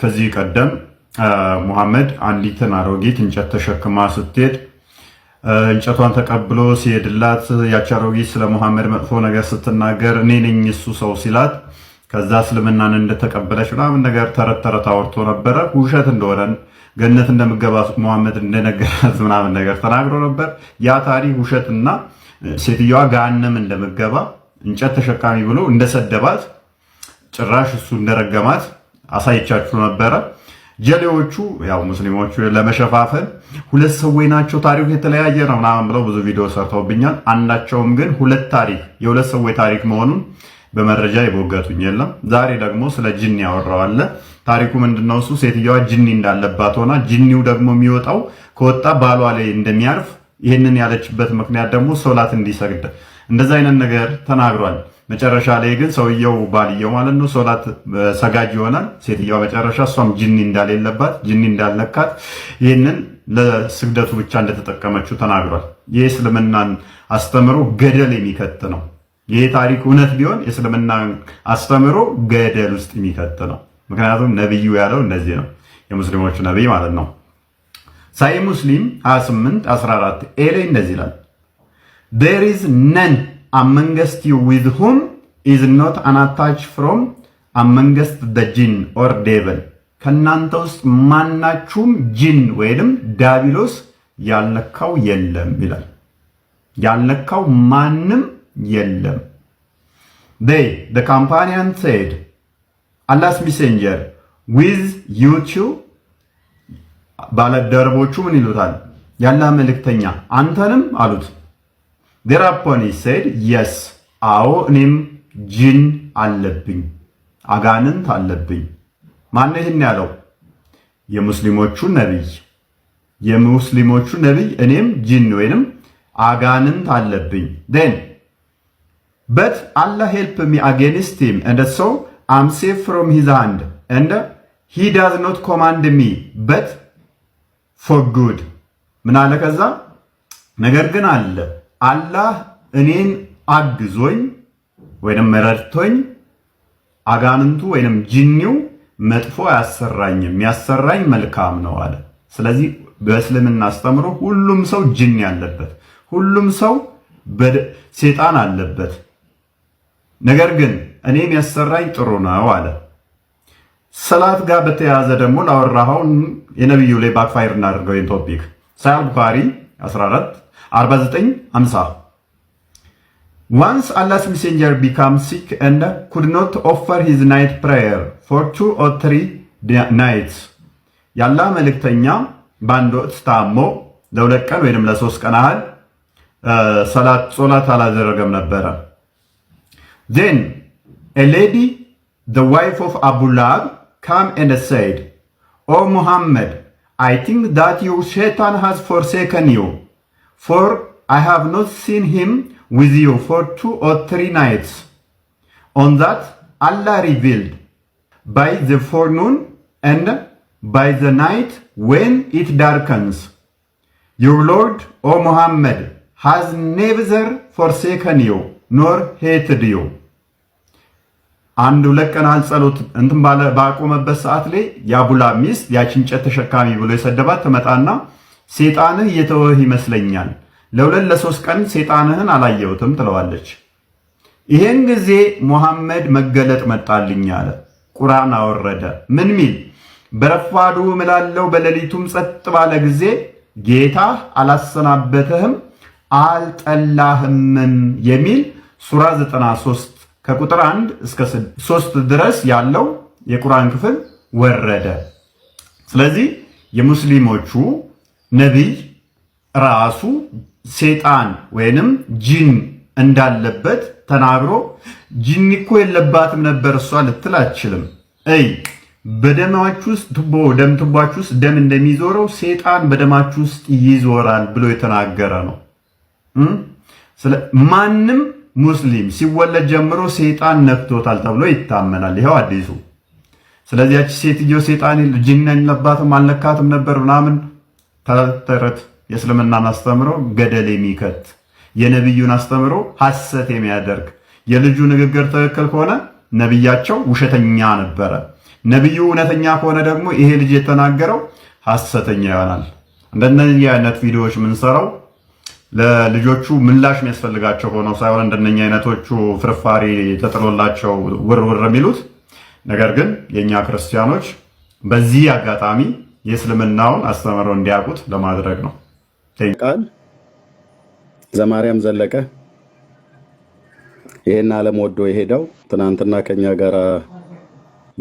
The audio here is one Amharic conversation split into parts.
ከዚህ ቀደም ሙሐመድ አንዲትን አሮጊት እንጨት ተሸክማ ስትሄድ እንጨቷን ተቀብሎ ሲሄድላት ያች አሮጊት ስለ ሙሐመድ መጥፎ ነገር ስትናገር እኔ ነኝ እሱ ሰው ሲላት ከዛ እስልምናን እንደተቀበለች ምናምን ነገር ተረት ተረት ነበረ። ውሸት እንደሆነ ገነት እንደምገባ ሙሐመድ እንደነገራት ምናምን ነገር ተናግሮ ነበር። ያ ታሪክ ውሸትና ሴትዮዋ ገሃነም እንደምገባ እንጨት ተሸካሚ ብሎ እንደሰደባት ጭራሽ እሱ እንደረገማት አሳይቻችሁ ነበረ። ጀሌዎቹ ያው ሙስሊሞቹ ለመሸፋፈን ሁለት ሰዎች ናቸው፣ ታሪኩ የተለያየ ነው ምናምን ብለው ብዙ ቪዲዮ ሰርተውብኛል። አንዳቸውም ግን ሁለት ታሪክ የሁለት ሰዎች ታሪክ መሆኑን በመረጃ የቦገቱኝ የለም። ዛሬ ደግሞ ስለ ጅኒ ያወራዋለ። ታሪኩ ምንድነው? እሱ ሴትዮዋ ጅኒ እንዳለባት ሆና ጅኒው ደግሞ የሚወጣው ከወጣ ባሏ ላይ እንደሚያርፍ ይህንን ያለችበት ምክንያት ደግሞ ሶላት እንዲሰግድ እንደዛ አይነት ነገር ተናግሯል። መጨረሻ ላይ ግን ሰውየው ባልየው ማለት ነው ሶላት ሰጋጅ ይሆናል። ሴትየዋ መጨረሻ እሷም ጅኒ እንዳሌለባት ጅኒ እንዳልነካት ይህንን ለስግደቱ ብቻ እንደተጠቀመችው ተናግሯል። ይህ እስልምናን አስተምሮ ገደል የሚከት ነው። ይህ ታሪክ እውነት ቢሆን የእስልምናን አስተምሮ ገደል ውስጥ የሚከት ነው። ምክንያቱም ነቢዩ ያለው እንደዚህ ነው፣ የሙስሊሞቹ ነቢይ ማለት ነው። ሳይ ሙስሊም 28 14 ኤ እንደዚህ ይላል ዜር ኢዝ ነን አመንገስት ዩ ዊዝ ሁም ኢዝ ኖት አናታች ፍሮም አመንገስት ደ ጂን ኦር ዴቨል ከእናንተ ውስጥ ማናችሁም ጂን ወይንም ዳቢሎስ ያልነካው የለም ይላል። ያልነካው ማንም የለም። ዴይ ደ ካምፓኒያን ሴድ አላስ ሚሴንጀር ዊዝ ዩቲዩ ባለደረቦቹ ምን ይሉታል? ያላህ መልእክተኛ አንተንም አሉት ግራፖኒ ሴድ የስ አዎ፣ እኔም ጂን አለብኝ፣ አጋንንት አለብኝ። ማነው ይህን ያለው? የሙስሊሞቹ ነቢይ የሙስሊሞቹ ነቢይ እኔም ጂን ወይንም አጋንንት አለብኝ። ን በት አላህ ሄልፕ ሚ አጌንስት ሂም እንደ ሰው አም ሴፍ ፍሮም ሂዝ ሃንድ እንደ ሂ ዳዝ ኖት ኮማንድ ሚ በት ፎር ጉድ ምን አለ ከዛ ነገር ግን አለ አላህ እኔን አግዞኝ ወይንም ረድቶኝ አጋንንቱ ወይንም ጅኒው መጥፎ አያሰራኝም፣ የሚያሰራኝ መልካም ነው አለ። ስለዚህ በእስልምና አስተምሮ ሁሉም ሰው ጅኒ አለበት፣ ሁሉም ሰው ሴጣን አለበት። ነገር ግን እኔ የሚያሰራኝ ጥሩ ነው አለ። ሰላት ጋር በተያያዘ ደግሞ ላወራኸውን የነቢዩ ላይ ባክፋይር እናደርገው ቶፒክ ሳያል አልቡኻሪ 14 49:50 Once Allah's messenger became sick and could not offer his night prayer for two or three nights የአላህ መልእክተኛ በአንድ ወቅት ታሞ ለሁለት ቀን ወይም ለሶስት ቀን ያህል ሰላት ጾላት አላደረገም ነበረ። then a lady the wife of Abu Lahab came and said, Oh Muhammad, I think that your Shaitan has forsaken you. ፎር አይ ሃቭ ኖት ሲን ሂም ዊዝ ዩ ፎር ቱ ኦር ትሪ ናይትስ ኦን ዛት አላህ ሪቪልድ ባይ ዘ ፎርኑን ኤንድ ባይ ዘ ናይት ዌን ኢት ዳርከንስ ዩር ሎርድ ኦ ሙሐመድ ሃዝ ኔቨር ፎርሴከን ዩ ኖር ሄትድ ዩ። አንድ ሁለት ቀን ጸሎት እንትን ባቆመበት ሰዓት ላይ የአቡላ ሚስት ያች እንጨት ተሸካሚ ብሎ የሰደባት ትመጣና ሴጣንህ እየተወህ ይመስለኛል። ለሁለት ለሶስት ቀን ሴጣንህን አላየሁትም ትለዋለች። ይሄን ጊዜ ሙሐመድ መገለጥ መጣልኝ አለ። ቁርአን አወረደ። ምን ሚል? በረፋዱ ምላለው በሌሊቱም ጸጥ ባለ ጊዜ ጌታህ አላሰናበተህም አልጠላህምም የሚል ሱራ 93 ከቁጥር 1 እስከ 3 ድረስ ያለው የቁርአን ክፍል ወረደ። ስለዚህ የሙስሊሞቹ ነቢይ ራሱ ሴጣን ወይንም ጂን እንዳለበት ተናግሮ ጂን እኮ የለባትም ነበር እሷ ልትል አትችልም። እይ በደማች ውስጥ ቱቦ ደም ውስጥ ደም እንደሚዞረው ሴጣን በደማች ውስጥ ይዞራል ብሎ የተናገረ ነው። ማንም ሙስሊም ሲወለድ ጀምሮ ሴጣን ነክቶታል ተብሎ ይታመናል። ይኸው አዲሱ ስለዚያች ሴትዮ ሴጣን ጂኒ የለባትም አልነካትም ነበር ምናምን ተረት የእስልምናን አስተምሮ ገደል የሚከት የነቢዩን አስተምሮ ሐሰት የሚያደርግ የልጁ ንግግር ትክክል ከሆነ ነቢያቸው ውሸተኛ ነበረ፣ ነቢዩ እውነተኛ ከሆነ ደግሞ ይሄ ልጅ የተናገረው ሐሰተኛ ይሆናል። እንደነዚህ አይነት ቪዲዮዎች የምንሰራው ለልጆቹ ምላሽ የሚያስፈልጋቸው ሆነው ሳይሆን እንደነኛ አይነቶቹ ፍርፋሪ ተጥሎላቸው ውርውር የሚሉት ነገር ግን የእኛ ክርስቲያኖች በዚህ አጋጣሚ የእስልምናውን አስተምረው እንዲያውቁት ለማድረግ ነው። ቃል ዘማርያም ዘለቀ ይህን ዓለም ወዶ የሄደው ትናንትና ከኛ ጋር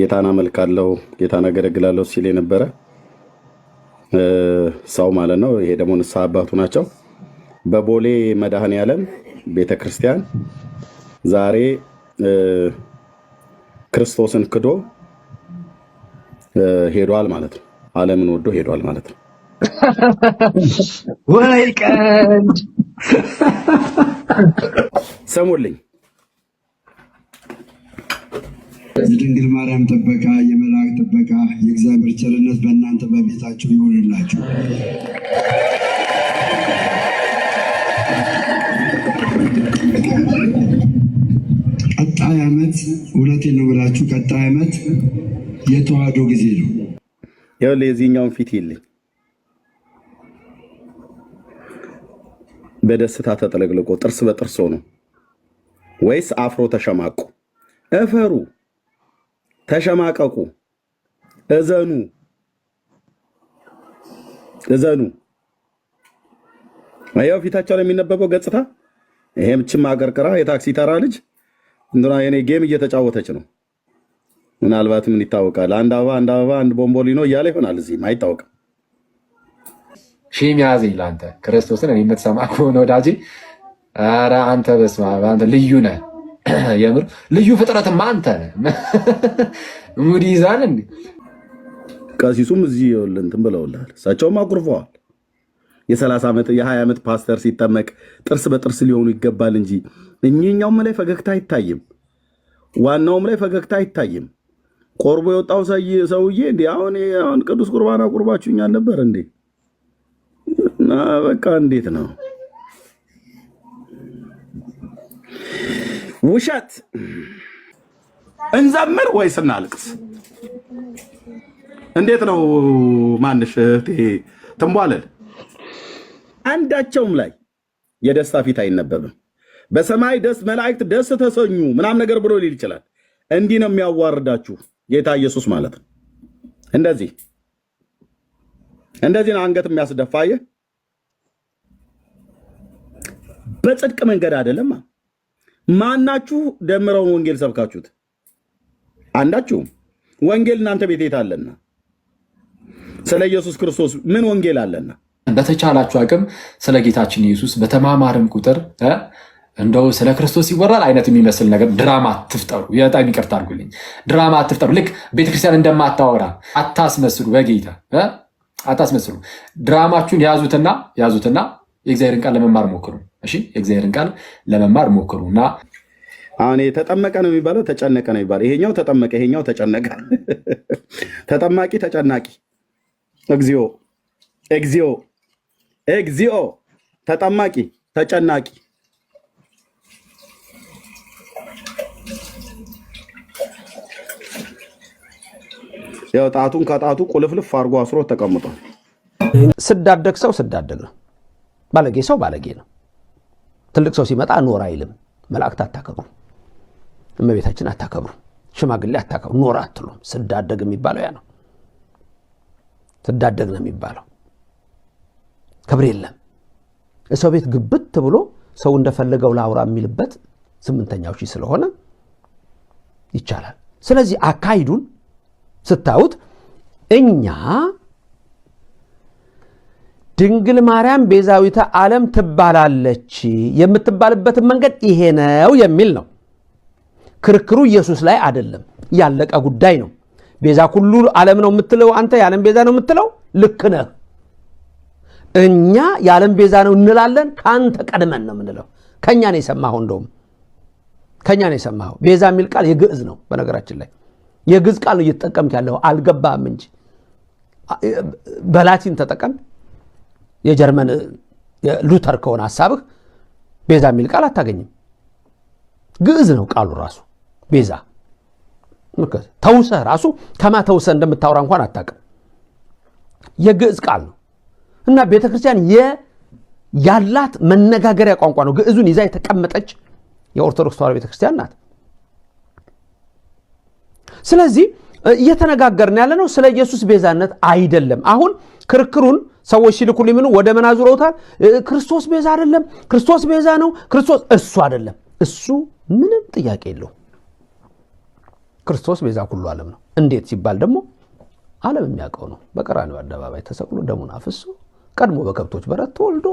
ጌታን አመልካለው ጌታን አገለግላለሁ ሲል የነበረ ሰው ማለት ነው። ይሄ ደግሞ ንስሐ አባቱ ናቸው። በቦሌ መድኃኔዓለም ቤተክርስቲያን ዛሬ ክርስቶስን ክዶ ሄዷል ማለት ነው። ዓለምን ወዶ ሄዷል ማለት ነው። ወይ ቀንድ ሰሙልኝ። የድንግል ማርያም ጥበቃ፣ የመልአክ ጥበቃ፣ የእግዚአብሔር ቸርነት በእናንተ በቤታችሁ ይሆንላችሁ። ቀጣይ ዓመት እውነቴን ነው ብላችሁ ቀጣይ ዓመት የተዋህዶ ጊዜ ነው። ይኸውልህ የዚህኛውን ፊት ይልኝ በደስታ ተጥለቅልቆ ጥርስ በጥርስ ሆኖ ወይስ አፍሮ ተሸማቁ፣ እፈሩ፣ ተሸማቀቁ፣ እዘኑ፣ እዘኑ። ያው ፊታቸው ላይ የሚነበበው ገጽታ ይሄም ችም አቀርቅራ የታክሲ ተራ ልጅ እንትና የኔ ጌም እየተጫወተች ነው። ምናልባት ምን ይታወቃል፣ አንድ አበባ አንድ አበባ አንድ ቦምቦሊኖ እያለ ይሆናል። እዚህም አይታወቅም። ሺህ ሚያዝ ለአንተ ክርስቶስን እኔ የምትሰማ ከሆነ ወዳጅ፣ ኧረ አንተ በስመ አብ አንተ ልዩ ነህ። የምር ልዩ ፍጥረት አንተ ነህ። ሙድ ይዛን እንዲ ቀሲሱም እዚህ እንትን ብለውልሃል። እሳቸውም አቁርፈዋል። ዓመት የ20 ዓመት ፓስተር ሲጠመቅ ጥርስ በጥርስ ሊሆኑ ይገባል እንጂ እኚህኛውም ላይ ፈገግታ አይታይም፣ ዋናውም ላይ ፈገግታ አይታይም። ቆርቦ የወጣው ሰውዬ እንዴ አሁን አሁን ቅዱስ ቁርባን አቁርባችሁኛል ነበር እንዴ? በቃ እንዴት ነው ውሸት እንዘምር ወይስ እናልቅስ? እንዴት ነው ማንሽ ትንቧለል? አንዳቸውም ላይ የደስታ ፊት አይነበብም። በሰማይ ደስ መላእክት ደስ ተሰኙ ምናምን ነገር ብሎ ሊል ይችላል። እንዲህ ነው የሚያዋርዳችሁ። ጌታ ኢየሱስ ማለት ነው። እንደዚህ እንደዚህ ነው አንገት የሚያስደፋ በጽድቅ መንገድ አይደለም። ማናችሁ ደምረውን ወንጌል ሰብካችሁት? አንዳችሁም። ወንጌል እናንተ ቤት የት አለና? ስለ ኢየሱስ ክርስቶስ ምን ወንጌል አለና? በተቻላችሁ አቅም ስለ ጌታችን ኢየሱስ በተማማርም ቁጥር እንደው ስለ ክርስቶስ ይወራል አይነት የሚመስል ነገር ድራማ አትፍጠሩ። በጣም ይቅርታ አድርጉልኝ፣ ድራማ አትፍጠሩ። ልክ ቤተክርስቲያን እንደማታወራ አታስመስሉ፣ በጌታ አታስመስሉ። ድራማችሁን ያዙትና ያዙትና የእግዚአብሔርን ቃል ለመማር ሞክሩ። እሺ፣ የእግዚአብሔርን ቃል ለመማር ሞክሩ እና አሁን የተጠመቀ ነው የሚባለው ተጨነቀ ነው የሚባለው። ይሄኛው ተጠመቀ፣ ይሄኛው ተጨነቀ። ተጠማቂ፣ ተጨናቂ። እግዚኦ፣ እግዚኦ፣ እግዚኦ። ተጠማቂ፣ ተጨናቂ ያው ጣቱን ከጣቱ ቁልፍልፍ አድርጎ አስሮ ተቀምጧል። ስዳደግ ሰው ስዳደግ ነው፣ ባለጌ ሰው ባለጌ ነው። ትልቅ ሰው ሲመጣ ኖር አይልም። መላእክት አታከብሩ፣ እመቤታችን አታከብሩ፣ ሽማግሌ አታከብሩ፣ ኖር አትሉም። ስዳደግ የሚባለው ያ ነው። ስዳደግ ነው የሚባለው ክብር የለም። የሰው ቤት ግብት ብሎ ሰው እንደፈለገው ላውራ የሚልበት ስምንተኛው ሺህ ስለሆነ ይቻላል። ስለዚህ አካሂዱን ስታዩት እኛ ድንግል ማርያም ቤዛዊተ ዓለም ትባላለች የምትባልበትን መንገድ ይሄ ነው የሚል ነው። ክርክሩ ኢየሱስ ላይ አይደለም፣ ያለቀ ጉዳይ ነው። ቤዛ ሁሉ ዓለም ነው የምትለው አንተ የዓለም ቤዛ ነው የምትለው ልክ ነህ። እኛ የዓለም ቤዛ ነው እንላለን። ከአንተ ቀድመን ነው የምንለው። ከእኛ ነው የሰማኸው፣ እንደውም ከእኛ ነው የሰማኸው። ቤዛ የሚል ቃል የግዕዝ ነው በነገራችን ላይ የግዝ ቃል እየተጠቀምክ ያለው አልገባም እንጂ በላቲን ተጠቀም። የጀርመን ሉተር ከሆነ ሀሳብህ ቤዛ የሚል ቃል አታገኝም። ግዕዝ ነው ቃሉ ራሱ ቤዛ። ተውሰህ ራሱ ከማ ተውሰህ እንደምታወራ እንኳን አታቅም የግዕዝ ቃል ነው እና ቤተ ክርስቲያን ያላት መነጋገሪያ ቋንቋ ነው። ግዕዙን ይዛ የተቀመጠች የኦርቶዶክስ ተዋሕዶ ቤተ ክርስቲያን ናት። ስለዚህ እየተነጋገርን ያለ ነው ስለ ኢየሱስ ቤዛነት አይደለም። አሁን ክርክሩን ሰዎች ሲልኩ ሊምኑ ወደ ምን አዙረውታል? ክርስቶስ ቤዛ አይደለም፣ ክርስቶስ ቤዛ ነው፣ ክርስቶስ እሱ አይደለም። እሱ ምንም ጥያቄ የለው ክርስቶስ ቤዛ ሁሉ አለም ነው። እንዴት ሲባል ደግሞ አለም የሚያውቀው ነው። በቀራኒው አደባባይ ተሰቅሎ ደሙን አፍሶ ቀድሞ በከብቶች በረት ተወልዶ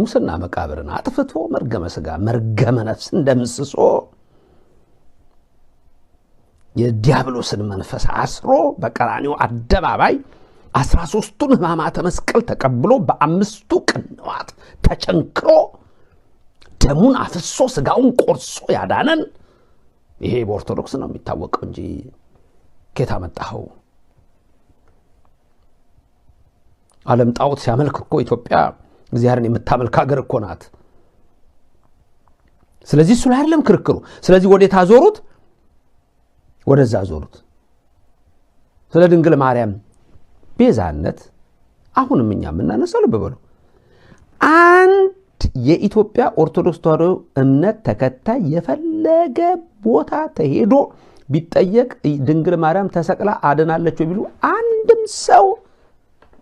ሙስና መቃብርን አጥፍቶ መርገመ ስጋ መርገመ ነፍስ እንደምስሶ የዲያብሎስን መንፈስ አስሮ በቀራኒው አደባባይ አስራ ሶስቱን ህማማተ መስቀል ተቀብሎ በአምስቱ ቅንዋት ተጨንክሮ ደሙን አፍሶ ስጋውን ቆርሶ ያዳነን ይሄ በኦርቶዶክስ ነው የሚታወቀው እንጂ ኬታ መጣኸው አለም ጣዖት ሲያመልክ እኮ ኢትዮጵያ እግዚአብሔርን የምታመልክ ሀገር እኮ ናት። ስለዚህ እሱ ላይ አይደለም ክርክሩ። ስለዚህ ወዴት አዞሩት? ወደዛ ዞሩት። ስለ ድንግል ማርያም ቤዛነት አሁንም እኛ የምናነሳው ልብ በሉ አንድ የኢትዮጵያ ኦርቶዶክስ ተዋሕዶ እምነት ተከታይ የፈለገ ቦታ ተሄዶ ቢጠየቅ ድንግል ማርያም ተሰቅላ አድናለች ቢሉ አንድም ሰው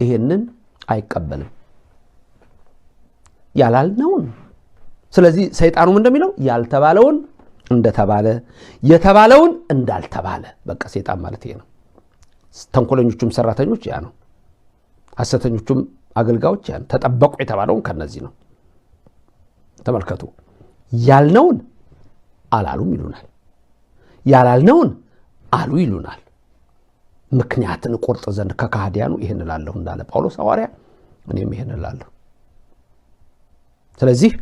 ይሄንን አይቀበልም ያላልነውን። ስለዚህ ሰይጣኑም እንደሚለው ያልተባለውን እንደተባለ የተባለውን እንዳልተባለ በቃ ሴጣን ማለት ይሄ ነው። ተንኮለኞቹም ሰራተኞች ያ ነው። ሐሰተኞቹም አገልጋዮች ያ ነው። ተጠበቁ የተባለውን ከነዚህ ነው። ተመልከቱ። ያልነውን አላሉም ይሉናል፣ ያላልነውን አሉ ይሉናል። ምክንያትን ቆርጥ ዘንድ ከካህዲያኑ ይህን እላለሁ እንዳለ ጳውሎስ ሐዋርያ እኔም ይህን እላለሁ። ስለዚህ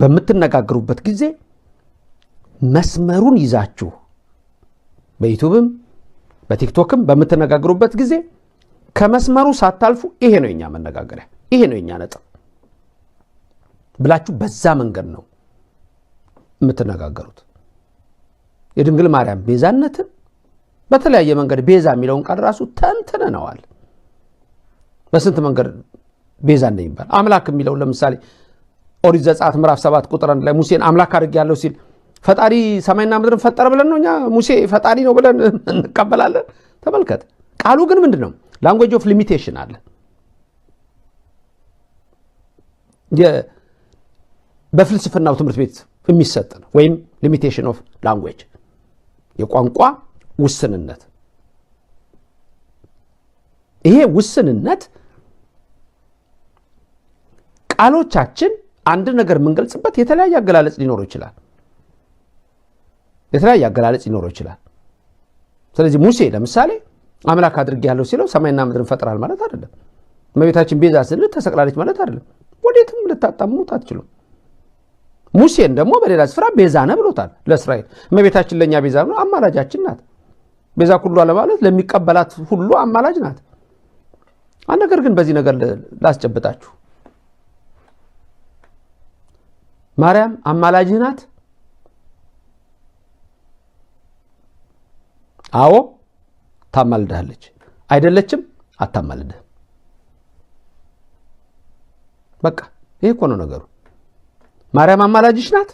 በምትነጋገሩበት ጊዜ መስመሩን ይዛችሁ በዩቱብም በቲክቶክም በምትነጋገሩበት ጊዜ ከመስመሩ ሳታልፉ ይሄ ነው የኛ መነጋገሪያ፣ ይሄ ነው የኛ ነጥብ ብላችሁ በዛ መንገድ ነው የምትነጋገሩት። የድንግል ማርያም ቤዛነትን በተለያየ መንገድ ቤዛ የሚለውን ቃል ራሱ ተንትነነዋል። በስንት መንገድ ቤዛ እንደሚባል አምላክ የሚለውን ለምሳሌ ኦሪት ዘጸአት ምዕራፍ ሰባት ቁጥር አንድ ላይ ሙሴን አምላክ አድርጌያለሁ ሲል ፈጣሪ ሰማይና ምድርን ፈጠረ ብለን ነው እኛ ሙሴ ፈጣሪ ነው ብለን እንቀበላለን። ተመልከት፣ ቃሉ ግን ምንድን ነው? ላንጉዌጅ ኦፍ ሊሚቴሽን አለ። በፍልስፍናው ትምህርት ቤት የሚሰጥ ነው። ወይም ሊሚቴሽን ኦፍ ላንጉዌጅ የቋንቋ ውስንነት። ይሄ ውስንነት ቃሎቻችን አንድ ነገር የምንገልጽበት የተለያየ አገላለጽ ሊኖረው ይችላል። የተለያየ አገላለጽ ሊኖረው ይችላል። ስለዚህ ሙሴ ለምሳሌ አምላክ አድርጌ ያለው ሲለው ሰማይና ምድርን ፈጥራል ማለት አይደለም። እመቤታችን ቤዛ ስንል ተሰቅላለች ማለት አይደለም። ወዴትም ልታጣሙት አትችሉም። ሙሴን ደግሞ በሌላ ስፍራ ቤዛ ነ ብሎታል ለእስራኤል። እመቤታችን ለእኛ ቤዛ ብሎ አማላጃችን ናት። ቤዛ ሁሉ ለማለት ለሚቀበላት ሁሉ አማላጅ ናት። አንድ ነገር ግን በዚህ ነገር ላስጨብጣችሁ፣ ማርያም አማላጅህ ናት። አዎ ታማልድሃለች፣ አይደለችም አታማልድህ። በቃ ይህ እኮ ነው ነገሩ። ማርያም አማላጅሽ ናት?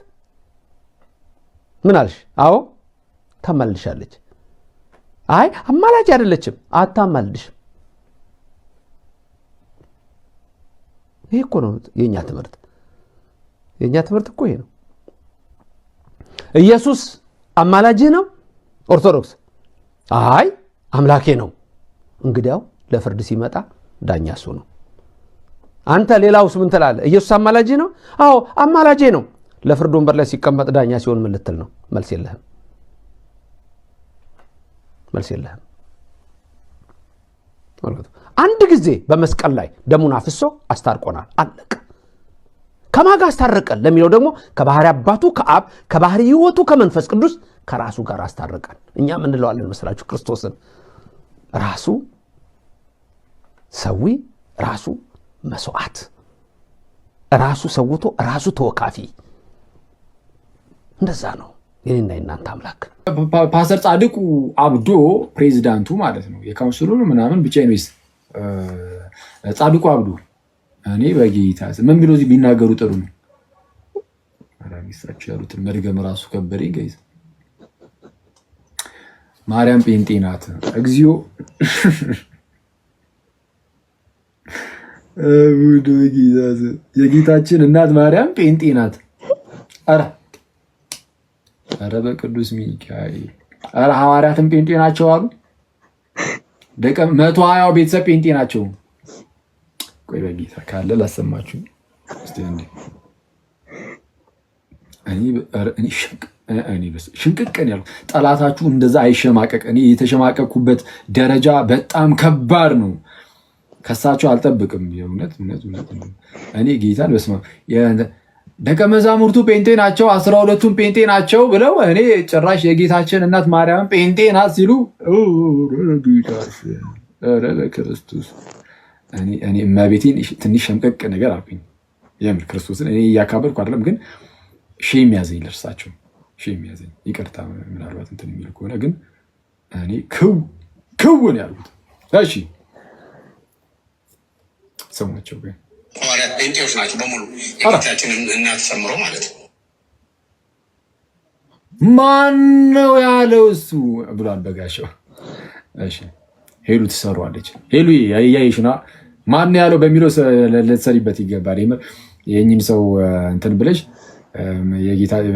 ምን አልሽ? አዎ ታማልድሻለች። አይ አማላጅ አይደለችም፣ አታማልድሽም። ይህ እኮ ነው የእኛ ትምህርት። የእኛ ትምህርት እኮ ይሄ ነው። ኢየሱስ አማላጅህ ነው ኦርቶዶክስ አይ አምላኬ ነው። እንግዲያው ለፍርድ ሲመጣ ዳኛ እሱ ነው። አንተ ሌላውስ ምን ትላለህ? ኢየሱስ አማላጅ ነው። አዎ አማላጄ ነው። ለፍርድ ወንበር ላይ ሲቀመጥ ዳኛ ሲሆን ምን ልትል ነው? መልስ የለህም። መልስ የለህም። አንድ ጊዜ በመስቀል ላይ ደሙን አፍሶ አስታርቆናል። አለቀ። ከማጋ አስታረቀን ለሚለው ደግሞ ከባሕሪ አባቱ ከአብ ከባህሪ ህይወቱ ከመንፈስ ቅዱስ ከራሱ ጋር አስታረቀን። እኛ ምንለዋለን መስላችሁ? ክርስቶስን ራሱ ሰዊ፣ ራሱ መስዋዕት፣ ራሱ ሰውቶ፣ ራሱ ተወካፊ። እንደዛ ነው የኔና የናንተ አምላክ። ፓስተር ጻድቁ አብዶ ፕሬዚዳንቱ ማለት ነው የካውንስሉን ምናምን ብቻ ነው ጻድቁ አብዶ እኔ በጌታ ምን ቢሎ ቢናገሩ ጥሩ ነው። ሚስራቸው ያሉትን መድገም ራሱ ከበደ ይገይዛል ማርያም ጴንጤ ናት። እግዚኦ ቡዶ የጌታችን እናት ማርያም ጴንጤ ናት። አረ ኧረ በቅዱስ ሚካኤል ኧረ ሐዋርያትም ጴንጤ ናቸው አሉ። ደቀ መቶ ሀያው ቤተሰብ ጴንጤ ናቸው። ቆይ በጌታ ካለ ላሰማችሁ እኔ እኔ በስ ሽንቅቅን ያልኩ ጠላታችሁ እንደዛ አይሸማቀቅ። እኔ የተሸማቀቅኩበት ደረጃ በጣም ከባድ ነው። ከሳቸው አልጠብቅም። እውነት እውነት እውነት እኔ ጌታን በስማ ደቀ መዛሙርቱ ጴንጤ ናቸው፣ አስራ ሁለቱም ጴንጤ ናቸው ብለው እኔ ጭራሽ የጌታችን እናት ማርያም ጴንጤ ናት ሲሉ ኧረ በክርስቶስ እኔ እመቤቴን ትንሽ ሸምቀቅ ነገር አልኩኝ። የምር ክርስቶስን እኔ እያካበድኩ አይደለም፣ ግን ሼም ያዘኝ ለእርሳቸው የሚያዘኝ ይቅርታ፣ ምናልባት እንትን የሚል ከሆነ ግን እኔ ያሉት ያልኩት። እሺ ሰማቸው ግን ጴንጤዎች ናቸው በሙሉ እናት ማለት ነው። ማን ነው ያለው? እሱ ብሏል በጋሻው። እሺ ሄሉ ትሰሯለች። ሄሉ ያየሽና ማን ያለው በሚለው ልትሰሪበት ይገባል። የእኚህን ሰው እንትን ብለሽ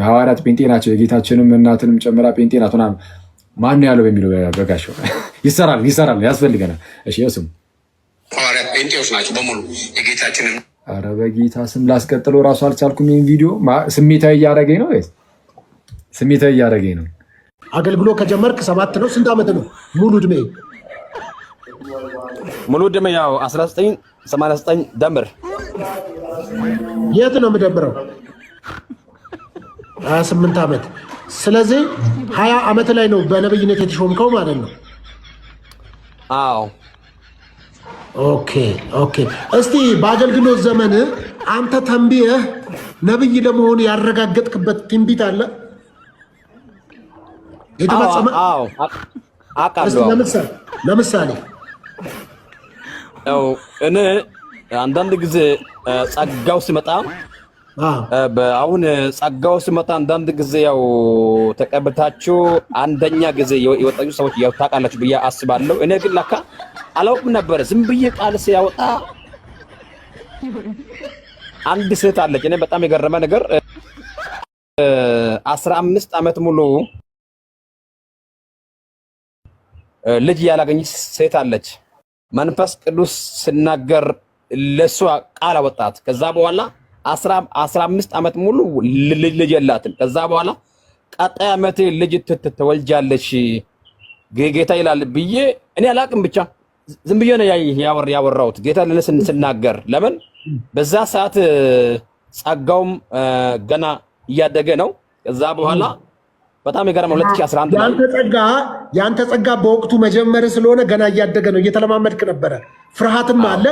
ሐዋርያት ጴንጤ ናቸው፣ የጌታችንም እናትንም ጨምራ ጴንጤ ናት። ማን ነው ያለው በሚለው በጋሽ ይሰራል፣ ይሰራል፣ ያስፈልገናል። እሺ ስም ሐዋርያት ጴንጤዎች ናቸው በሙሉ የጌታችንም ኧረ በጌታ ስም ላስቀጥለው እራሱ አልቻልኩም። ይህን ቪዲዮ ስሜታዊ እያደረገኝ ነው፣ ስሜታዊ እያደረገኝ ነው። አገልግሎ ከጀመርክ ሰባት ነው ስንት ዓመት ነው? ሙሉ እድሜ ሙሉ እድሜ ያው 1989 ደምር። የት ነው የምደምረው? 28 ዓመት። ስለዚህ 20 ዓመት ላይ ነው በነብይነት የተሾምከው ማለት ነው። አዎ ኦኬ ኦኬ። እስቲ በአገልግሎት ዘመን አንተ ተንብየህ ነብይ ለመሆን ያረጋገጥክበት ትንቢት አለ የተፈጸመ? ለምሳሌ እኔ አንዳንድ ጊዜ ጸጋው ሲመጣ አሁን ጸጋው መጣ አንዳንድ ጊዜ ያው ተቀብታችሁ አንደኛ ጊዜ የወጣችሁ ሰዎች ያው ታውቃላችሁ ብዬ አስባለሁ። እኔ ግን ለካ አላውቅም ነበረ። ዝም ብዬ ቃል ሲያወጣ አንድ ሴት አለች። እኔ በጣም የገረመ ነገር አስራ አምስት ዓመት ሙሉ ልጅ ያላገኘች ሴት አለች። መንፈስ ቅዱስ ሲናገር ለሷ ቃል አወጣት። ከዛ በኋላ አስራ አምስት ዓመት ሙሉ ልጅ የላትም። ከዛ በኋላ ቀጣይ ዓመት ልጅ ትወልጃለሽ ጌታ ይላል ብዬ እኔ አላቅም ብቻ ዝም ብዬ ነው ያወራሁት። ጌታ ለእኔ ስናገር ለምን በዛ ሰዓት ጸጋውም ገና እያደገ ነው። ከዛ በኋላ በጣም የጋራ ነው። 2011 ያንተ ጸጋ ያንተ ጸጋ በወቅቱ መጀመር ስለሆነ ገና እያደገ ነው። እየተለማመድክ ነበረ። ፍርሃትም አለ፣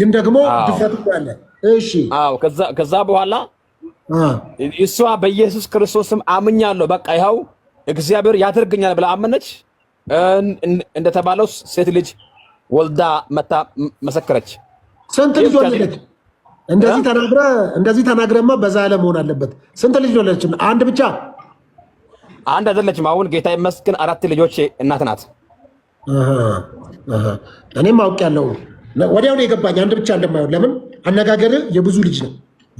ግን ደግሞ ድፍረትም አለ። እሺ አዎ። ከዛ ከዛ በኋላ እሷ በኢየሱስ ክርስቶስም አምኛለሁ በቃ ይኸው እግዚአብሔር ያደርገኛል ብላ አመነች። እንደተባለው ሴት ልጅ ወልዳ መታ መሰከረች። ስንት ልጅ ወለደች? እንደዚህ ተናግረ እንደዚህ ተናግረማ በዛ ያለ መሆን አለበት። ስንት ልጅ ወለደች? አንድ ብቻ አንድ አይደለችም። አሁን ጌታ ይመስገን አራት ልጆች እናት ናት። እኔም አውቅ ያለው ወዲያው ነው የገባኝ አንድ ብቻ እንደማይሆን ለምን አነጋገር የብዙ ልጅ ነው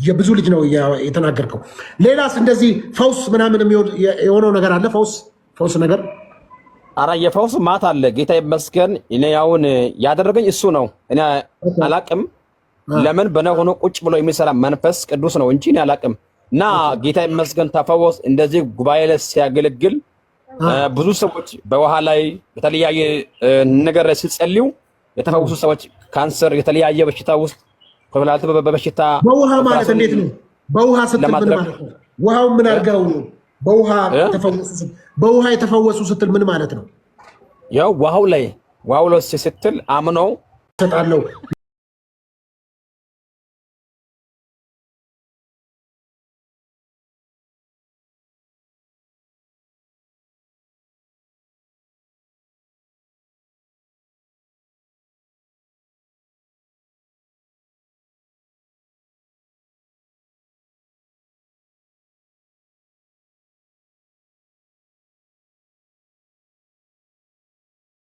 የብዙ ልጅ ነው የተናገርከው። ሌላስ እንደዚህ ፈውስ ምናምን የሆነው ነገር አለ? ፈውስ ፈውስ ነገር አረ የፈውስ ማት አለ። ጌታ ይመስገን። እኔ አሁን ያደረገኝ እሱ ነው። እኔ አላቅም ለምን በነ ሆኖ ቁጭ ብሎ የሚሰራ መንፈስ ቅዱስ ነው እንጂ እኔ አላቅም። እና ጌታ ይመስገን ተፈወስ። እንደዚህ ጉባኤ ላይ ሲያገለግል ብዙ ሰዎች በውሃ ላይ በተለያየ ነገር ሲጸልዩ የተፈወሱ ሰዎች ካንሰር፣ የተለያየ በሽታ ውስጥ ከብላት በበሽታ በውሃ ማለት እንዴት ነው? በውሃ ስትል ምን ማለት ነው? ውሃውን ምን አድርገው ነው? በውሃ ስትል በውሃ የተፈወሱ ስትል ምን ማለት ነው? ያው ውሃው ላይ ውሃው ስትል አምነው ሰጣለው